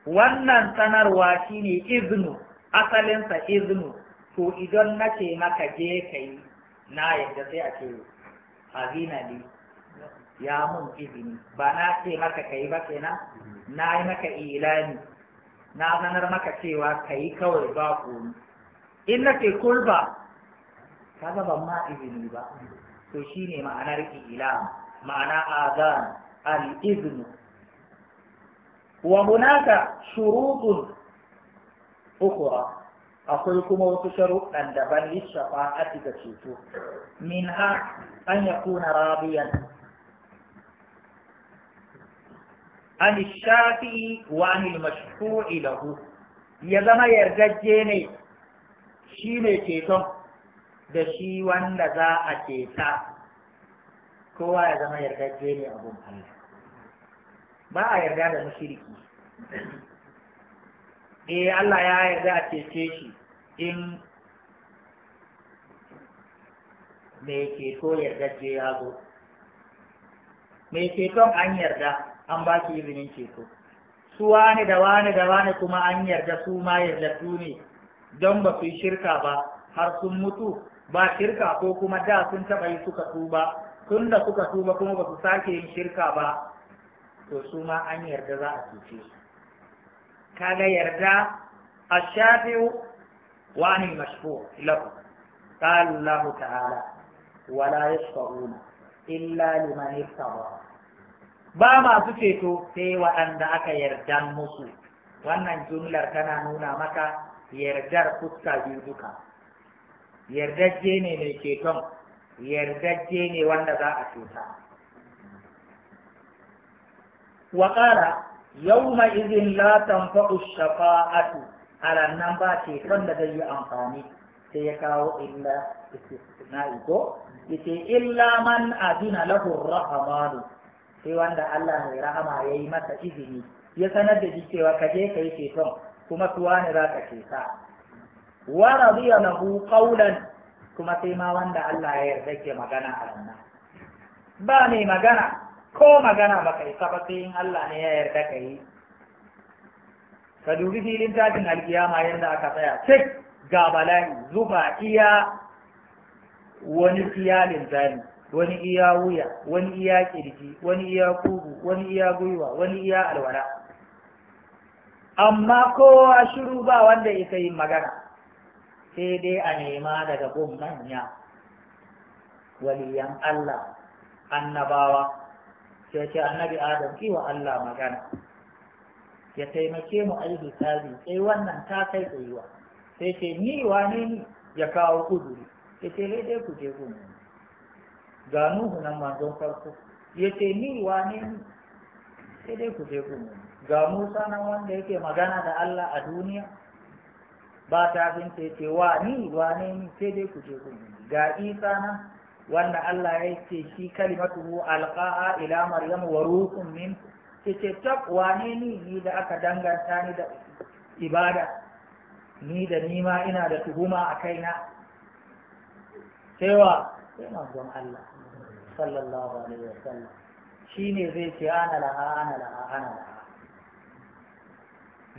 wannan sanarwa shine iznu asalinsa iznu to idan na ce maka je ka yi na yadda sai a ce hazina ne ya mun izini ba na ce maka ka yi ba kenan na yi maka ilani na sanar maka cewa ka yi kawai ba ku. in na ce kulba ka ga ban ma izini ba to shine ma'anar ilam ma'ana azan al-iznu wa munaka shurutun ukura akwai kuma wasu shuruɗan da ban yi shafa a cika cikin su min ha an ya kuna rabiyan an yi wa an yi mashiko ya zama yargajje shi ne ceton da shi wanda za a ceta kowa ya zama yargajje ne abin hannu ba a yarda da mushriki eh Allah ya yarda a cece shi in mai ceto ce ya zo mai ceton an yarda an ba shi izinin ceto su wani da wani da wani kuma an yarda su ma su ne don ba su yi shirka ba har sun mutu ba shirka ko kuma da sun taɓa yi suka tuba tun da suka tuba kuma ba su sake yin shirka ba to su ma an yarda za a cuce su kaga yarda الشافع وعن المشفوع له قال الله تعالى ولا يشفعون illa liman ارتضى ba masu ceto sai waɗanda aka yarda musu wannan jumlar tana nuna maka yardar fuska biyu duka yardajje ne mai ceton yardajje ne wanda za a cuta وقال يومئذ لا تنفع الشفاعة على ceton da لدي yi سيكاو إلا استثنائكو يتي إلا من أذن له الرحمن sai wanda Allah mai rahama ya yi masa izini ya sanar da shi cewa ka je ka yi ceton kuma tuwa ne za ka ceta wa radiya lahu qawlan kuma sai ma wanda Allah ya yarda ke magana a ranna ba mai magana ko magana ba ka isa sai in Allah ne ya yarda ka yi ka dubi filin tashin alkiyama yadda aka tsaya cik ga bala'i zuba iya wani iya linzami wani iya wuya wani iya kirji wani iya kugu wani iya gwiwa wani iya alwala amma kowa shiru ba wanda isa yin magana sai dai a nema daga gun ya waliyan Allah annabawa sai ce annabi adam ki wa Allah magana ya taimake mu ayi hisabi sai wannan ta kai tsayuwa sai ce ni wane ni ya kawo kuduri ya ce lai dai ku je ku ne ga nuhu nan manzon farko ya ce ni wane ni sai dai ku je ku ne ga musa nan wanda yake magana da Allah a duniya ba ta fin ce wa ni wane ni sai dai ku je ku ne ga isa nan wanda Allah ya ce shi kalimatuhu alqa'a ila maryam wa ruhun min ce tab wane ni ni da aka danganta ni da ibada ni da nima ina da tuhuma a kaina cewa sai manzon Allah sallallahu alaihi wasallam ne zai ce ana laha ana laha ana laha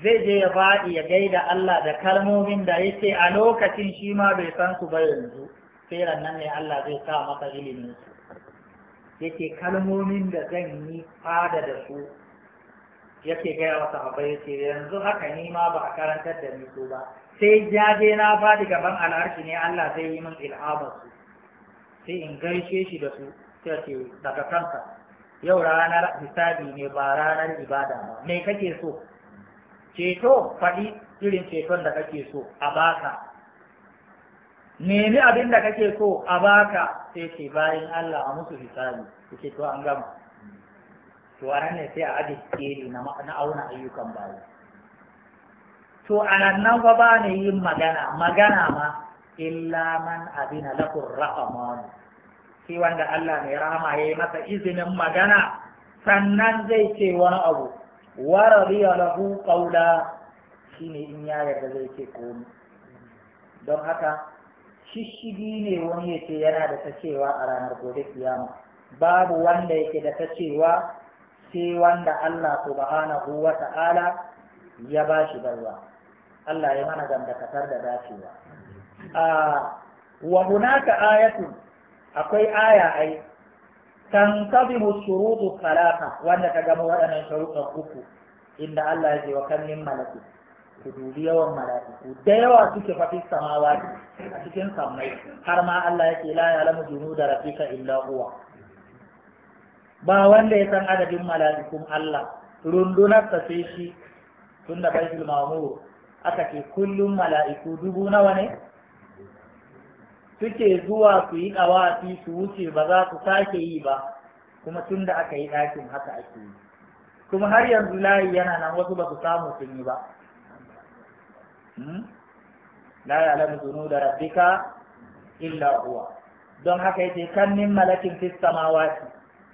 zai je ya faɗi ya gaida Allah da kalmomin da yake a lokacin shi ma bai san su ba yanzu sai nan ne Allah zai sa maka ilimin su yake kalmomin da zan yi fada da su yake gaya wa sahabbai yake yanzu haka ni ma ba a karantar da ni ba sai jaje na fadi gaban al'arshi ne Allah zai yi min ilhama su sai in gaishe shi da su sai ce daga kanka yau ranar hisabi ne ba ranar ibada ba me kake so ceto faɗi irin ceton da kake so a baka nemi abin da kake so a baka sai ke bayan Allah a musu hisabi ke to an gama to a nan ne sai a aje keli na auna ayyukan bayi to a nan fa ba ne yin magana magana ma illa man abina lakur rahman shi wanda Allah mai rahama ya yi masa izinin magana sannan zai ce wani abu wa radiya lahu shi shine in ya yarda zai ce komai don haka shishigi ne wani ya ce yana da ta a ranar gobe kiyama babu wanda yake da ta cewa sai wanda Allah subhanahu wa ta'ala ya ba shi barwa Allah ya mana gamdakatar da dacewa wa hunaka ayatun akwai aya ai tanqadimu shurutu salata wanda ta gama waɗannan sharuɗan uku inda Allah ya ce wa kallin min ku dubi yawan mala'iku da yawa suke fafi samawa a cikin sammai har ma Allah yake la ya'lamu junuda rabbika illa huwa ba wanda ya san adadin mala'ikun Allah rundunar ta sai shi tunda bai ma'mur aka ce kullum mala'iku dubu nawa ne suke zuwa su yi ƙawafi su wuce ba za su sake yi ba kuma tun da aka yi ɗakin haka ake yi kuma har yanzu layi yana nan wasu ba su samu sun ba Hmm? la ya'lamu da rabbika illa huwa don haka yace kan min malakin fis samawati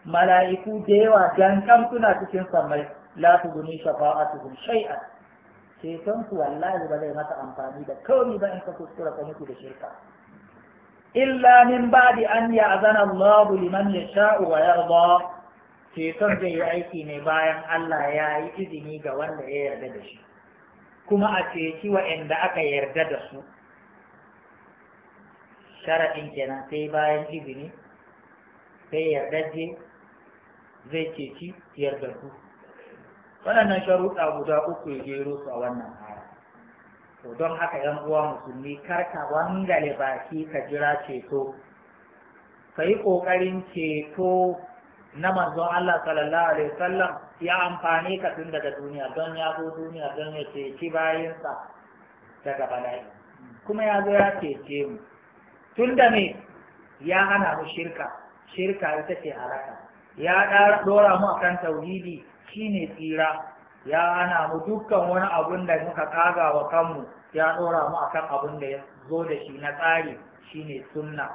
mala'iku da yawa dankan suna cikin samai la tuguni shafa'atuhum shay'an ceton su wallahi ba zai mata amfani da kawai ba in ka kuskura ka mutu da shirka illa min ba'di an ya'zana Allahu liman yasha'u wa yarda ceton zai yi aiki ne bayan Allah ya yi izini ga wanda ya yarda da shi kuma a ceci wa'anda aka yarda da su Shara'in kenan sai bayan izini sai yardaje zai ceci yardarku waɗannan sharuɗa guda uku ya gero su a wannan aya to don haka yan uwa musulmi kar ka wangale baki ka jira ceto ka yi ƙoƙarin ceto na manzon Allah sallallahu alaihi wasallam ya amfani ka tun daga duniya don ya zo duniya don ya ceci bayansa daga bala'i kuma ya zo ya cece mu tun da me ya hana mu shirka shirka ita ce haraka ya dora mu akan tauhidi shine tsira ya hana mu dukkan wani abun da muka kaga wa kanmu ya dora mu akan abun da ya zo da shi na tsari shine sunna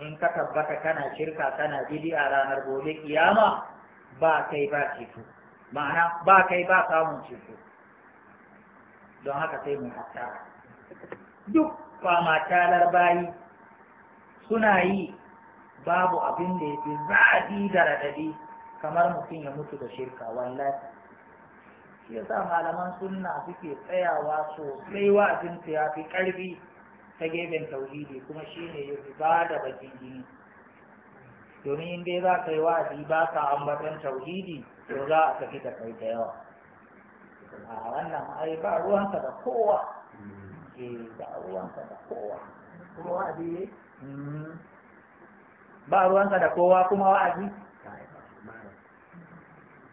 in ka tabbata kana shirka kana a ranar gobe kiyama ba kai ba ceto ma'ana ba kai ba samun ceto don haka sai mu hatta duk fama talar bayi suna yi babu abin da ya fi zaɗi da raɗaɗi kamar mutum ya mutu da shirka wallahi shi yasa malaman sunna suke tsayawa sosai wa'azinsu ya fi ƙarfi ta gefen tauhidi kuma shine ya fi ba da bakin jini domin in dai za ka yi wa'azi ba ka ambatan tauhidi to za a tafi ta kai da yawa a wannan ai ba ruwanka da kowa eh ba ruwanka da kowa kuma wa'azi ne mm-hmm. ba ruwanka da kowa kuma wa'azi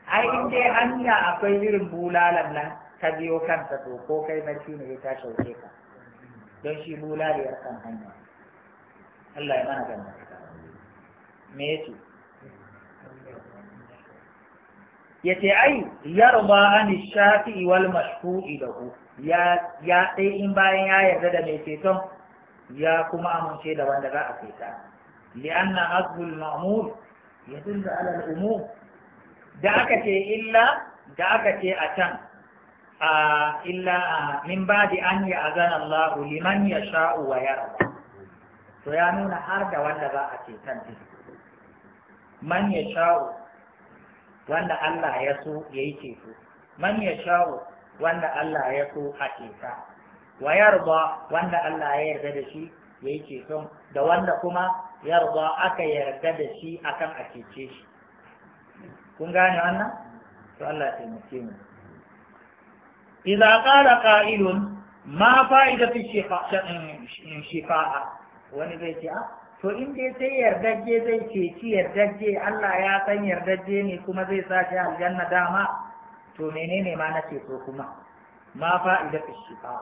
ai in dai hanya akwai irin bulalan nan ka biyo kanta to ko kai barci ne ta shauke ka don shi bulaliyar kan hanya Allah ya mana gani me yace yace ai yarba an shafi wal mashhu'i lahu ya ya dai in bayan ya yarda da mai ceton ya kuma amince da wanda za a ceta li'anna azbul ma'mur yadullu ala al umur da aka ce illa da aka ce a can a illa min badi an ya azana Allah liman ya sha'u wa yarda to ya nuna har da wanda za a ceton man ya sha'u wanda Allah ya so ya yi ceto man ya sha'u wanda Allah ya so a ceta wa yarda wanda Allah ya yarda da shi ya yi ceton da wanda kuma yarda aka yarda da shi akan a cece shi kun gane wannan to Allah ya taimake mu idza qala qa'ilun ma fa'idatu shifa'a wani zai ce ah to in dai sai yardajje zai ceci yardajje Allah ya san yardajje ne kuma zai sa shi aljanna dama to menene ma na ceto kuma ma fa'ida shifa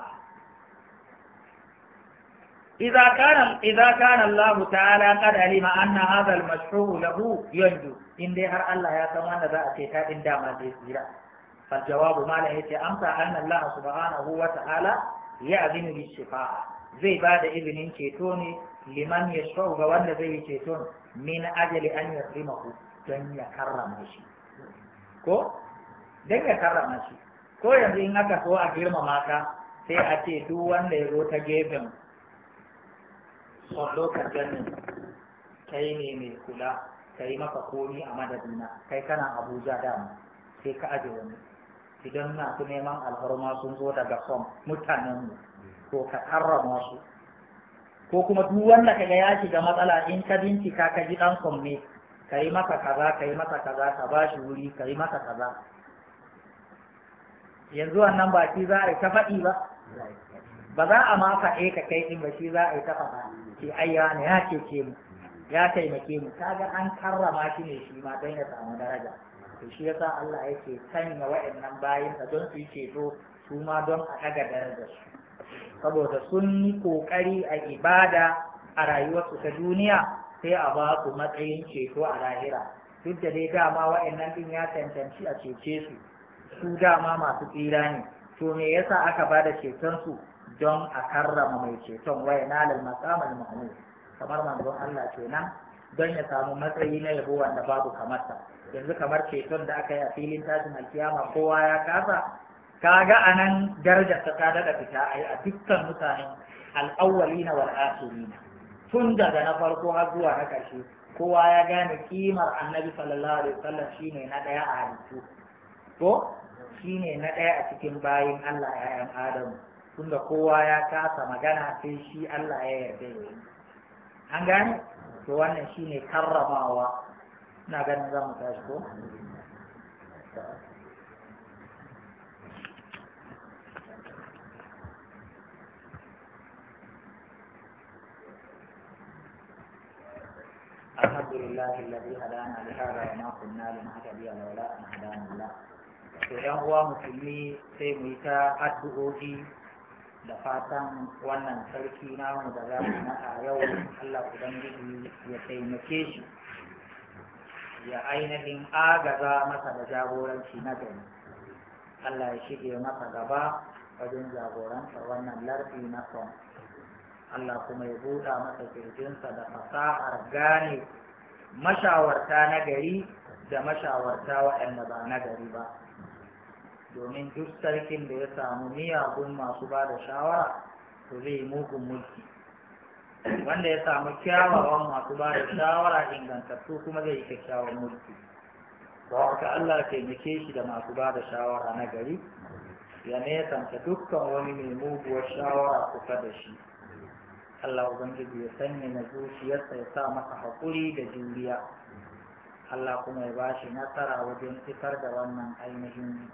إذا كان إذا كان الله تعالى قد علم أن هذا المشروع له ينجو إن دي هر الله يتمنى ذا أتيتا إن دام الجزيرة فالجواب ما له أمسى أن الله سبحانه وتعالى يأذن بالشفاعة zai ba da izinin ceto ne liman ya ga wanda zai yi ceton min ajali an ku don ya karrama shi ko don ya karrama shi ko yanzu in aka so a girmama ka sai a ce duk wanda ya zo ta gefen son Ka ne kai ne mai kula ka yi maka komi a madadina kai kana abuja dama sai ka aje wani idan na su neman alhorma sun zo daga son mutanenmu to ka karrama su ko kuma duk wanda ka ga ya shiga matsala in ka bincika ka ji dan kome ka yi masa kaza ka yi masa kaza ka ba shi wuri ka yi masa kaza yanzu wannan ba shi za a yi ta faɗi ba ba za a ma faɗe ka kai in ba shi za a yi ta faɗa ce ayyana ne ya ke mu ya taimake mu ga an karrama shi ne shi ma don ya samu daraja to shi yasa Allah yake sanya wa'annan bayin don su yi ceto su ma don a ɗaga darajar su saboda sun yi ƙoƙari a ibada a rayuwarsu ta duniya sai a ba su matsayin ceto a lahira duk da dai dama wa'annan din ya tantanci a cece su su dama masu tsira ne to me yasa aka ba da ceton su don a karrama mai ceton waya lal maqamal mahmud kamar manzon Allah kenan don ya samu matsayi na yabo wanda babu kamarsa yanzu kamar ceton da aka yi a filin tashin alkiyama kowa ya kasa kaga anan darajar ta ta daɗa fita a yi a dukkan mutanen na wal akhirina tun daga na farko har zuwa na ƙarshe kowa ya gane kimar annabi sallallahu alaihi wasallam shine na ɗaya a halittu to shine na ɗaya a cikin bayin Allah ya adam Adamu tunda kowa ya kasa magana sai shi Allah ya yarda ya yi an gane to wannan shine karramawa ina ganin zamu tashi ko الحمد لله الذي هدانا لهذا وما كنا لنهتدي لولا ان هدانا الله to yan uwa musulmi sai mu yi ta addu'o'i da fatan wannan sarki namu da za mu mata yau Allah ubangiji ya taimake shi ya ainihin agaza masa da jagoranci na gani Allah ya shige masa gaba wajen jagoranta wannan lardi na son Allah kuma ya buɗa masa kirjinsa da fasahar gane mashawarta na gari da mashawarta waɗanda ba na gari ba domin duk sarkin da ya samu miyagun masu ba da shawara to zai yi mugun mulki wanda ya samu kyawawan masu ba da shawara ingantattu kuma zai yi kyakkyawan mulki ba haka Allah taimake shi da masu ba da shawara na gari ya nesanta dukkan wani mai muguwar shawara kusa da shi Allah Ubangiji ya sanya na zuciyarsa ya sa masa haƙuri da juriya Allah kuma ya ba shi nasara wajen fitar da wannan ainihin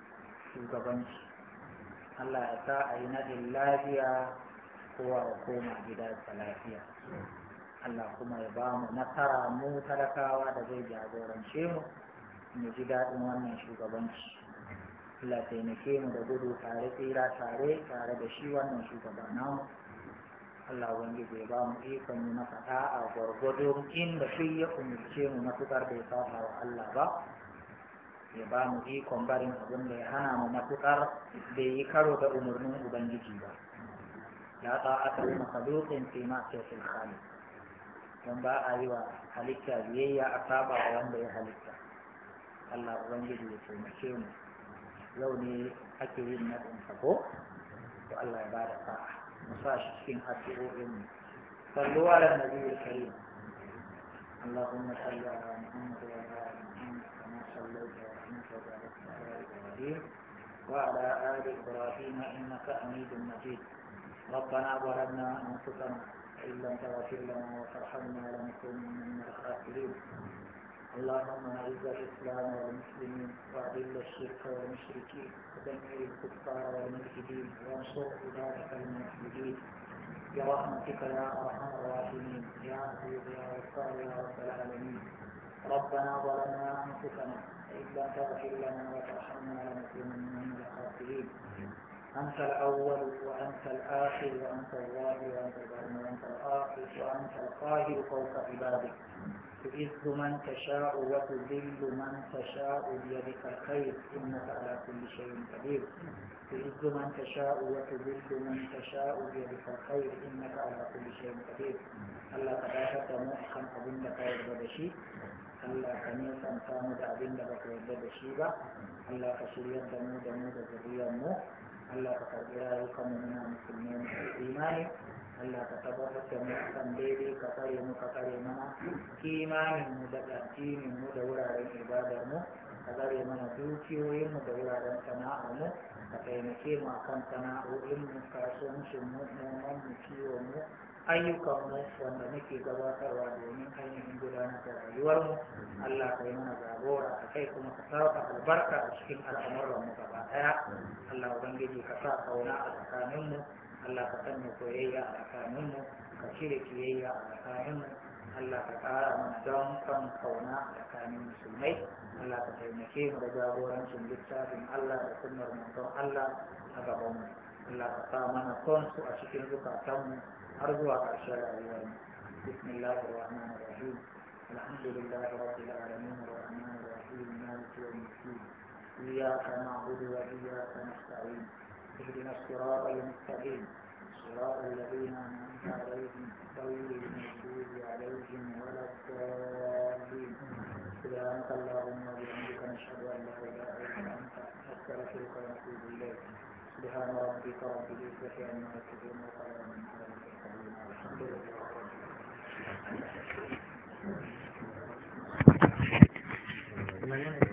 shugabanci Allah ya sa a yi naɗin lafiya kowa a koma gida da lafiya Allah kuma ya ba mu nasara mu talakawa da zai jagorance mu mu ji daɗin wannan shugabanci Allah taimake mu da gudu tare tsira tare tare da shi wannan shugaba namu Allah wani ya ba mu ikon yi masa da'a gwargwado inda shi ya umarce mu matuƙar bai saba wa Allah ba ya ba mu ikon barin abin da ya hana mu matuƙar bai yi karo da umarnin ubangiji ba la ta'ata li sai ma ma'siyati sun khaliq don ba a yi wa halitta biyayya a saba wa wanda ya halitta Allah ubangiji ya taimake mu yau ne ake yin na sako to Allah ya ba da sa'a مفاشت فيها شروع صلوا على النبي الكريم اللهم صل على محمد وعلى ال محمد كما صليت وسلمت وباركت على ابراهيم وعلى ال ابراهيم انك حميد مجيد ربنا ظلمنا انفسنا وان لم تغفر لنا وترحمنا لنكونن من الخاسرين اللهم اعز الاسلام والمسلمين واذل الشرك والمشركين ودمر الكفار والملحدين وانصر اولئك الملحدين برحمتك يا ارحم الراحمين يا عزيز يا غفار يا رب العالمين ربنا ظلمنا انفسنا وان لم تغفر لنا وترحمنا لنكونن من الخاسرين أنت الأول وأنت الآخر وأنت الظاهر وأنت الظالم وأنت الآخر وأنت القاهر فوق عبادك تعز من تشاء وتذل من تشاء بيدك الخير انك على كل شيء قدير تعز من تشاء وتذل من تشاء بيدك الخير انك على كل شيء قدير الله تبارك وتعالى كان ابن دكاير بدشي الله كان يسان كانوا دابين دكاير بدشي با الله كشريا مو الله تبارك وتعالى كان من الايمان Allah ka tabbatar da mu kan daidai ka kare mu ka kare mana kimanin mu da addinin mu da wuraren ibadar mu ka kare mana dukiyoyin mu da wuraren sana'a mu ka taimake mu akan in mu kasuwancin mu noman mu kiwon mu ayyukan mu wanda muke gabatarwa domin ainihin gudanar da rayuwar mu Allah ka yi mana jagora ka kai kuma ka sauka albarka a cikin al'amuran mu gaba daya Allah ubangiji ka sa kauna a tsakanin mu الله تكن فيا أكانم كشرك فيا أكانم الله تكار من دون كم كونا أكانم سمي الله تكن نكيم رجاورا سندتا من الله تكن رمضان الله أكبر الله تكار من كون سوء شكل بك كم أرجو أكشر أيام بسم الله الرحمن الرحيم الحمد لله رب العالمين الرحمن الرحيم مالك يوم الدين إياك نعبد وإياك نستعين اهدنا الصراط المستقيم صراط الذين أنعمت عليهم غير المغضوب عليهم ولا الضالين سبحانك اللهم وبحمدك نشهد أن لا إله إلا أنت نستغفرك ونتوب إليك سبحان ربك رب العزة عما يصفون وسلام على المرسلين الحمد لله رب العالمين